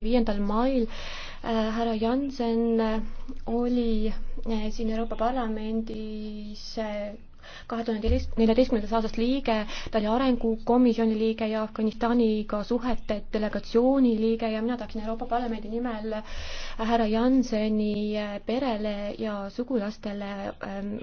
viiendal mail äh, härra Jansen äh, oli äh, siin Euroopa Parlamendis kahe tuhande neljateistkümnendast aastast liige, ta oli arengukomisjoni liige ja Afganistaniga suhete delegatsiooni liige ja mina tahaksin Euroopa Parlamendi nimel härra Janseni perele ja sugulastele ähm,